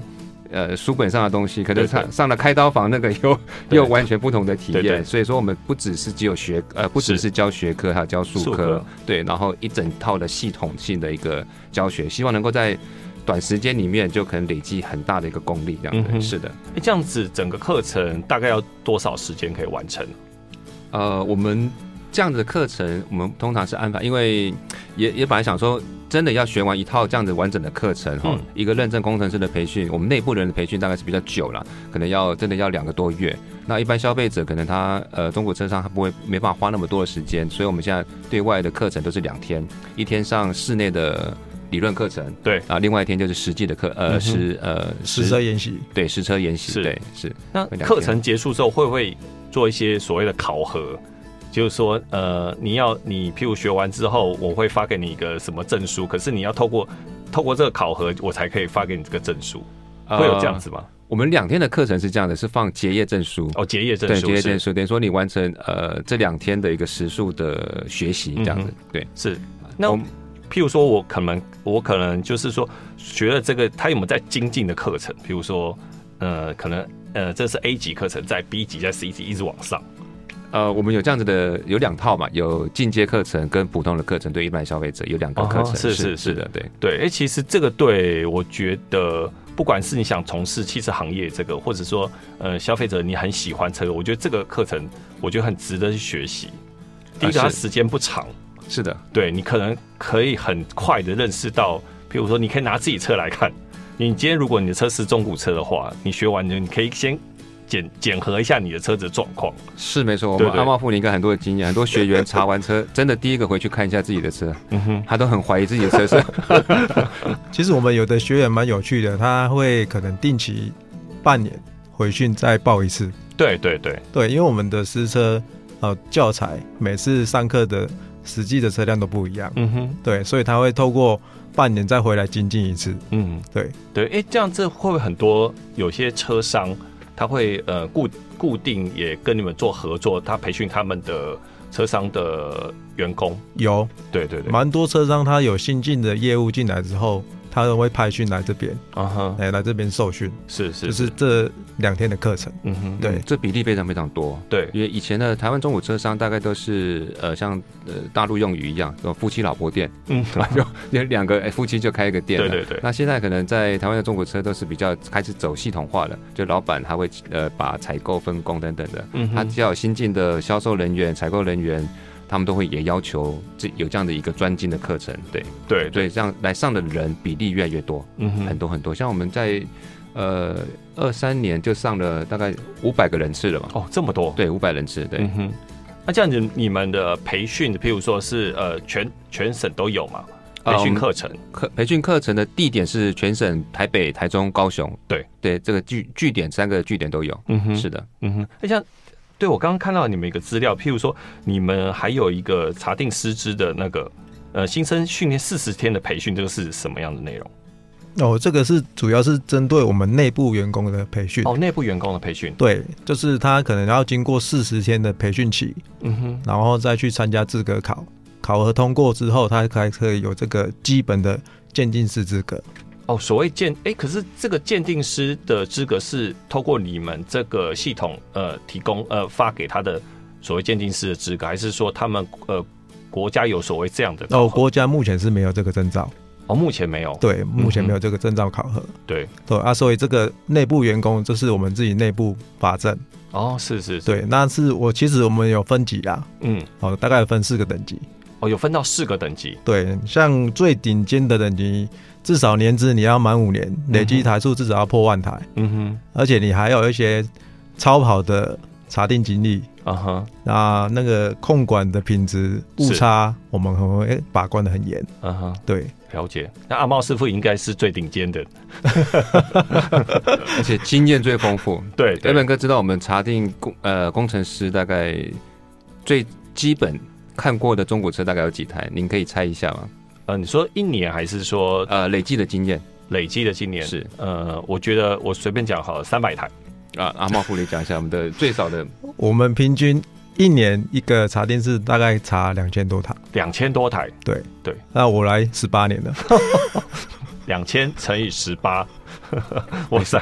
呃，書本上的東西，可能上上了開刀房，那個又對對對對，又完全不同的體驗。對對對對，所以說，我們不只是只有學，呃，不只是教學科，還有教術科，對，然後一整套的系統性的一個教學，希望能夠在短時間裡面就可能累積很大的一個功力，這樣子。嗯，是的。那這樣子整個課程大概要多少時間可以完成？呃，我們。這樣子的課程，我們通常是安排，因為也也本來想說，真的要學完一套這樣子完整的課程，哈、嗯，一個認證工程師的培訓，我們內部人的培訓大概是比較久了，可能要真的要兩個多月。那一般消費者可能他呃，中古車商他不會沒辦法花那麼多的時間，所以我們現在對外的課程都是兩天，一天上室內的理論課程，對，啊，另外一天就是實際的課、嗯，呃，是呃，實車研習，對，實車研習，對，是。那課程結束之後，會不會做一些所謂的考核？就是說，呃，你要你譬如學完之後，我會發給你一個什麼證書？可是你要透過透過這個考核，我才可以發給你這個證書，呃、會有這樣子嗎？我們兩天的課程是這樣的，是放結業證書哦，結業證書，對結業證書，等於說你完成呃這兩天的一個時數的學習，這樣子。嗯、對是。那我譬如說我可能我可能就是說學了這個，他有沒有在精進的課程？譬如說，呃，可能呃這是 A 級課程，在 B 級，在 C 級一直往上。呃，我們有這樣子的，有兩套嘛，有進階課程跟普通的課程，對一般消費者有兩個課程。哦哦是是是的，對對。哎、欸，其實這個對我覺得，不管是你想從事汽車行業這個，或者說呃消費者你很喜歡車，我覺得這個課程我覺得很值得去學習。第一個，它時間不長，啊是，是的，對你可能可以很快的認識到，比如說你可以拿自己車來看，你今天如果你的車是中古車的話，你學完就你可以先。檢檢核一下你的車子狀況是沒錯，我們對對對阿懋副理有很多的經驗，很多學員查完車，真的第一個回去看一下自己的車，嗯哼，他都很懷疑自己的車是。 (laughs) 其實我們有的學員蠻有趣的，他會可能定期半年回去再報一次，對對對，對因為我們的實車呃教材每次上課的實際的車輛都不一樣，嗯哼，對，所以他會透過半年再回來精進一次，嗯，對對，哎、欸，這樣這會不會很多有些車商？他會呃固固定，也跟你們做合作，他培訓他們的車商的員工，有，對對對，蠻多車商他有新進的業務進來之後。他都會派訓來這邊，啊、uh、哈 -huh 欸，來這邊受訓，是，是是，就是這兩天的課程，嗯哼，對、嗯，這比例非常非常多，對，因為以前的台灣中古車商大概都是呃像呃大陸用語一樣，夫妻老婆店，嗯， (laughs) 有有兩個、欸、夫妻就開一個店，對對，對，對，那現在可能在台灣的中古車都是比較開始走系統化的，就老闆他會呃把採購分工等等的，嗯，他只要有新進的銷售人員、採購人員。他們都會也要求這有這樣的一個專精的課程，對對對，對，這樣來上的人比例越來越多，嗯哼，很多很多。像我們在呃二三年就上了大概五百個人次了嘛，哦，這麼多，對，五百人次，對，嗯哼，那、啊、這樣子你們的培訓，譬如說是呃全全省都有嘛？培訓課程，啊、課培訓課程的地點是全省台北、台中、高雄，對對，這個據據點三個據點都有，嗯哼，是的，嗯哼。那、啊、像。對，我剛剛看到你們一個資料，譬如說，你們還有一個查定師資的那個呃，新生訓練四十天的培訓，這個是什麼樣的內容？哦，這個是主要是針對我們內部員工的培訓。哦，內部員工的培訓，對，就是他可能要經過四十天的培訓期，嗯哼，然後再去參加資格考，考核通過之後，他才可以有這個基本的鑑定師資格。哦，所謂鑑哎，可是這個鑑定師的資格是透過你們這個系統呃提供呃發給他的所謂鑑定師的資格，還是說他們呃國家有所謂這樣的？哦，國家目前是沒有這個證照，哦，目前沒有。對，目前沒有這個證照考核。嗯、對對啊，所以這個內部員工就是我們自己內部發證。哦，是是，是。對，那是我其實我們有分級啦、啊。嗯。哦，大概有分四個等級。哦，有分到四個等級。對，像最頂尖的等級。至少年資你要滿五年，累計台數至少要破萬台。嗯哼，而且你還有一些超跑的查定經歷啊哈，那那個控管的品質誤差，我們會把關的很嚴。嗯哼，對，了解。那阿茂師傅應該是最頂尖的， (laughs) (laughs) 而且經驗最豐富。對，對，對，阿本哥知道我們查定工呃工程師大概最基本看過的中古車大概有幾台，您可以猜一下嗎？呃，你說一年還是說累呃累積的經驗？累積的經驗是呃，我覺得我隨便講好了三百台。啊，阿懋副理講一下 (laughs) 我們的最少的，我們平均一年一個查定是大概查兩千多台，兩千多台。對對，那我來十八年了，兩千乘以十八， (laughs) 哇塞！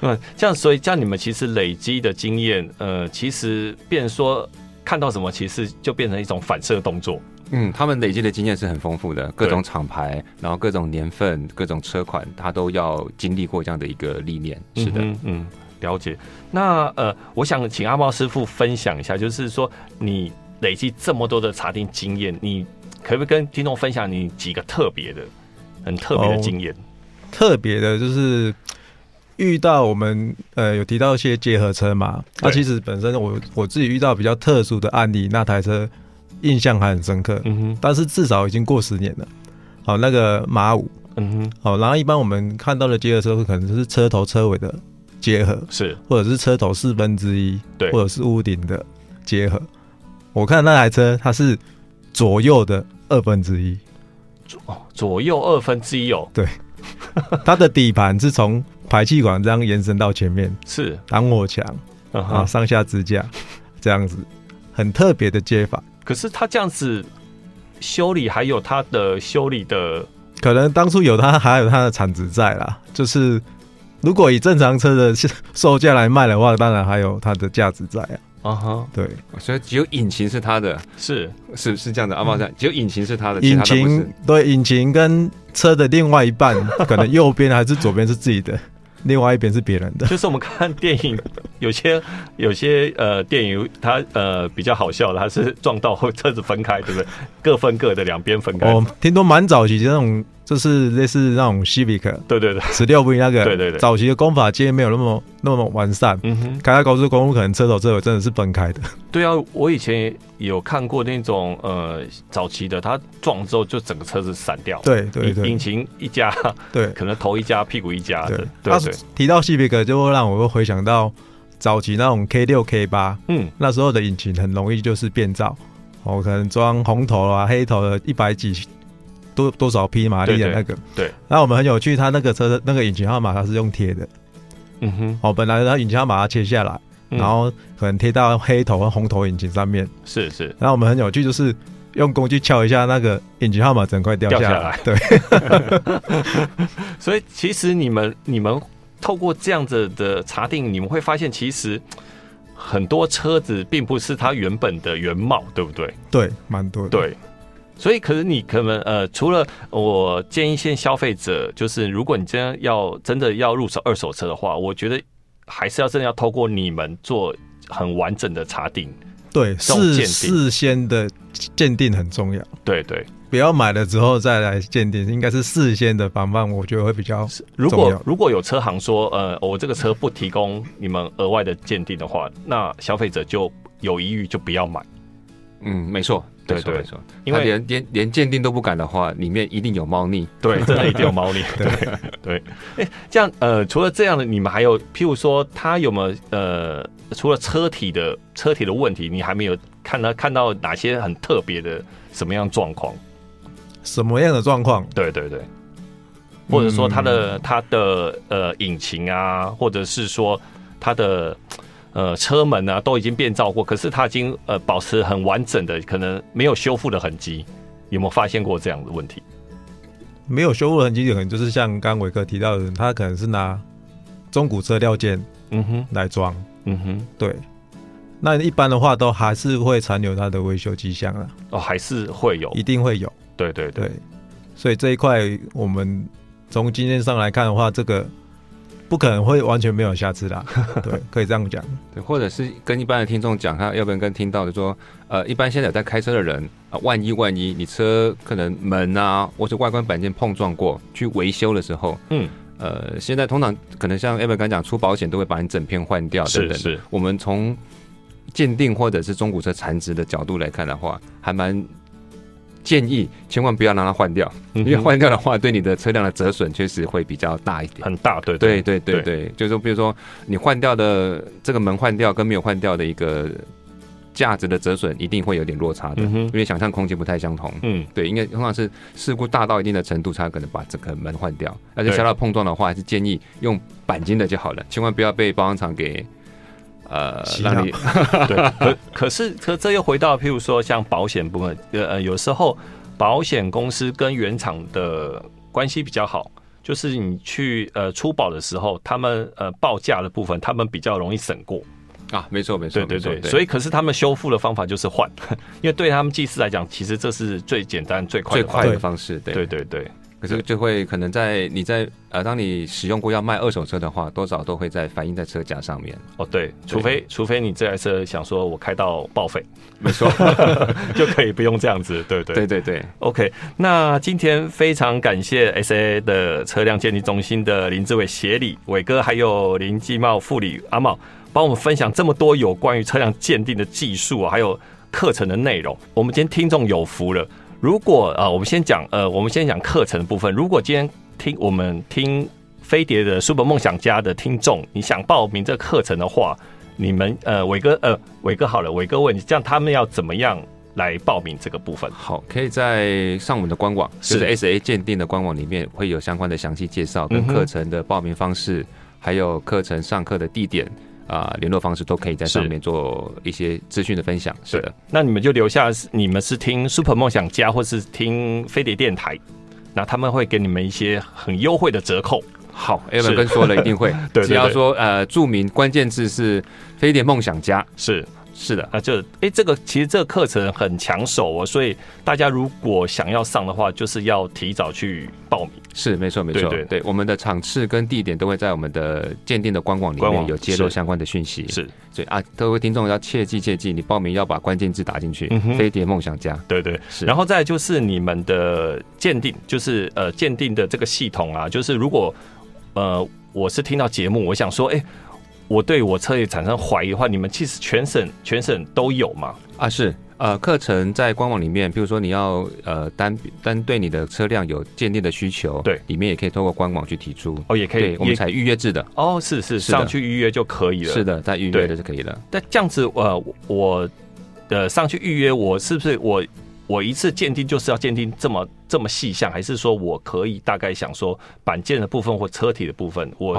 那 (laughs) (laughs) 這樣所以這樣你們其實累積的經驗，呃，其實變成說看到什麼，其實就變成一種反射動作。嗯，他們累積的經驗是很豐富的，各種廠牌，然後各種年份、各種車款，他都要經歷過這樣的一個歷練。是的。嗯，嗯，了解。那呃，我想請阿懋師傅分享一下，就是說你累積這麼多的查驗經驗，你可不可以跟聽眾分享你幾個特別的、很特別的經驗？哦、特別的，就是遇到我們呃有提到一些結合車嘛，那其實本身我我自己遇到比較特殊的案例，那台車。印象還很深刻，嗯哼，但是至少已經過十年了。好、哦，那個馬五，嗯哼，好、哦，然後一般我們看到的結合車，可能是車頭車尾的結合，是，或者是車頭四分之一，對，或者是屋頂的結合。我看那台車，它是左右的二分之一，左哦，左右二分之一哦，對， (laughs) 它的底盤是從排氣管這樣延伸到前面，是擋火牆啊，嗯、上下支架 (laughs) 這樣子，很特別的接法。可是他這樣子修理，還有他的修理的，可能當初有他還有他的產值在啦。就是如果以正常車的售價來賣的話，當然還有它的價值在啊。啊哈，對，所以只有引擎是他的，是是不是這樣的啊，阿懋這樣只有引擎是他的，引擎對，引擎跟車的另外一半，可能右邊還是左邊是自己的。 (laughs) 另外一邊是別人的，就是我們看電影，有些有些呃電影，它呃比較好笑的，它是撞到後車子分開，對不對？各分各的，兩邊分開。哦，聽說蠻早期的那種。這、就是類似那種 Civic，對對對，十六 V 那個，對對對，早期的工法今天沒有那麼那麼完善，嗯哼，開在高速公路可能車頭車尾真的是分開的。對啊，我以前有看過那種呃早期的，它撞之後就整個車子散掉，對對對，引擎一家，對，對，對，可能頭一家屁股一家的對對對對。他提到 Civic 就會讓我會回想到早期那種 K 六 K 八，嗯，那時候的引擎很容易就是變造，我、嗯哦、可能裝紅頭啊黑頭的一百幾。多多少匹馬力的那個？對，對。那我們很有趣，他那個車的那個引擎號碼，它是用貼的。嗯哼。哦，本來他引擎號碼他切下來，然後可能貼到黑頭和紅頭引擎上面。是是。然後我們很有趣，就是用工具敲一下，那個引擎號碼整塊掉下來。對。 (laughs) (laughs) 所以，其實你們你們透過這樣子的查定，你們會發現，其實很多車子並不是它原本的原貌，對不對？對，蠻多的。對。所以，可是你可能呃，除了我建議一些消費者，就是如果你真的要真的要入手二手車的話，我覺得還是要真的要透過你們做很完整的查定，對，事事先的鑑定很重要。對，對對，不要買了之後再來鑑定，應該是事先的防範，我覺得會比較重要。如果如果有車行說，呃，我這個車不提供你們額外的鑑定的話， (laughs) 那消費者就有疑慮，就不要買。嗯，沒錯。對對，因為連連連鑑定都不敢的話，裡面一定有貓膩。對，真的一定有貓膩。對 (laughs) 對，哎，這樣呃，除了這樣的，你們還有譬如說，他有沒有呃，除了車體的車體的問題，你還沒有看他看到哪些很特別的什麼樣狀況？什麼樣的狀況？對對對，或者說他的、嗯、他的，他的呃引擎啊，或者是說他的。呃，車門啊，都已經變造過，可是它已經呃保持很完整的，可能沒有修復的痕跡。有沒有發現過這樣的問題？沒有修復的痕跡，可能就是像剛偉哥提到的，他可能是拿中古車料件，嗯哼，來裝，嗯哼，對。那一般的話，都還是會殘留它的維修跡象啊。哦，還是會有，一定會有。對對對，對，對，所以這一塊我們從經驗上來看的話，這個。不可能會完全沒有瑕疵的， (laughs) 對，可以這樣講。對，或者是跟一般的聽眾講，他要不然跟聽到的說，呃，一般現在有在開車的人啊、呃，萬一萬一你車可能門啊或者外觀板件碰撞過去維修的時候，嗯，呃，現在通常可能像 Alven 剛講，出保險都會把你整片換掉等等，是是。我們從鑑定或者是中古車殘值的角度來看的話，還蠻。建議千萬不要讓它換掉，因為換掉的話，對你的車輛的折損確實會比較大一點。很大，對對對對，對對，對就是說比如說你換掉的這個門換掉，跟沒有換掉的一個價值的折損，一定會有點落差的，嗯、因為想象空間不太相同。嗯，對，應該通常是事故大到一定的程度，才可能把這個門換掉。而且小到碰撞的話，還是建議用鈑金的就好了，千萬不要被包裝廠給。呃，讓你 (laughs) 對，可可是可這又回到譬如說像保險部分，呃呃，有時候保險公司跟原廠的關係比較好，就是你去呃出保的時候，他們呃報價的部分，他們比較容易審過。啊，沒錯沒錯對對對，對，所以可是他們修復的方法就是換，因為對他們技師來講，其實這是最簡單最快最快的方式，對對對。對對可是就會可能在你在呃、啊，當你使用過要賣二手車的話，多少都會在反映在車架上面。哦，對，除非除非你這台車想說我開到報廢，沒錯 (laughs) (laughs) (laughs) 就可以不用這樣子，對不對？對對對，對。OK，那今天非常感謝 SAA 的車輛鑑定中心的林志偉協理偉哥，還有林繼懋副理阿茂，幫我們分享這麼多有關於車輛鑑定的技術，啊，還有課程的內容。我們今天聽眾有福了。如果啊，我們先講呃，我們先講課程的部分。如果今天聽我們聽《飛碟的 Super 夢想家》的聽眾，你想報名這個課程的話，你們呃，偉哥呃，偉哥好了，偉哥問你，這樣他們要怎麼樣來報名這個部分？好，可以在上我們的官網，就是 SA 鑑定的官網裡面會有相關的詳細介紹跟課程的報名方式，嗯、還有課程上課的地點。啊、呃，聯絡方式都可以在上面做一些資訊的分享。是，是的，那你們就留下，你們是聽 Super 夢想家，或是聽飛碟電台，那他們會給你們一些很優惠的折扣。好，Alven 跟說了一定會， (laughs) 對對對對，只要說呃，註明關鍵字是飛碟夢想家是。是的，啊，就，誒、欸，這個其實這個課程很搶手哦，所以大家如果想要上的話，就是要提早去報名。是，沒錯，沒錯，對，對，對，我們的場次跟地點都會在我們的鑑定的官網裡面有揭露相關的訊息。是，所以啊，各位聽眾要切記切記，你報名要把關鍵字打進去，嗯，飛碟夢想家。對對，是。然後再就是你們的鑑定，就是呃，鑑定的這個系統啊，就是如果呃，我是聽到節目，我想說，誒。我對我車也產生懷疑的話，你們其實全省、全省都有嘛？啊，是，呃，課程在官網裡面，比如說你要呃單單對你的車輛有鑑定的需求，對，裡面也可以通過官網去提出。哦，也可以，我們採預約制的。哦，是、是，是上去預約就可以了。是的，在預約就是可以了，是的。但這樣子，呃，我的、呃、上去預約，我是不是我？我一次鑑定就是要鑑定這麼這麼細項，還是說我可以大概想說板件的部分或車體的部分我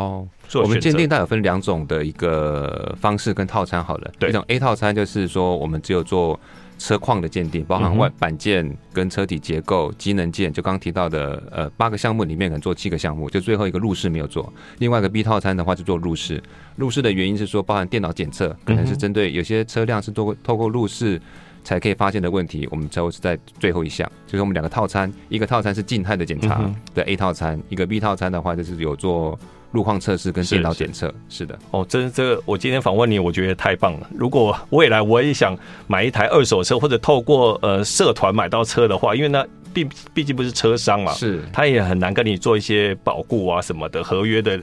做？哦，我我們鑑定大概有分兩種的一個方式跟套餐好了對。一種 A 套餐就是說我們只有做車況的鑑定，包含外板件跟車體結構、機能件，嗯、就剛剛提到的呃八個項目裡面可能做七個項目，就最後一個路試沒有做。另外一個 B 套餐的話就做路試，路試的原因是說包含電腦檢測，可能是針對有些車輛是通過透過路試。嗯才可以發現的問題，我們才會是在最後一項。就是我們兩個套餐，一個套餐是靜態的檢查的、嗯、A 套餐，一個 B 套餐的話就是有做路況測試跟電腦檢測。是的，哦，真是這這個，我今天訪問你，我覺得太棒了。如果未來我也想買一台二手車，或者透過呃社團買到車的話，因為那畢畢竟不是車商嘛、啊，是他也很難跟你做一些保固啊什麼的合約的。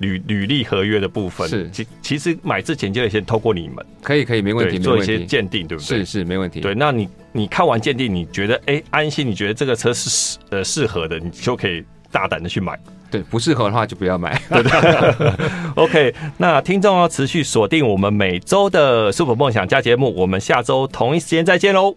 履履歷合約的部分是，其其實買之前就要先透過你們，可以可以，沒問題，做一些鑑定對不對？是是沒問題。對，那你你看完鑑定，你覺得哎、欸、安心，你覺得這個車是適呃適合的，你就可以大膽的去買。對，不適合的話就不要買。啊、 (laughs) (laughs) OK，那聽眾要持續鎖定我們每周的《Super 夢想家》節目，我們下周同一時間再見嘍。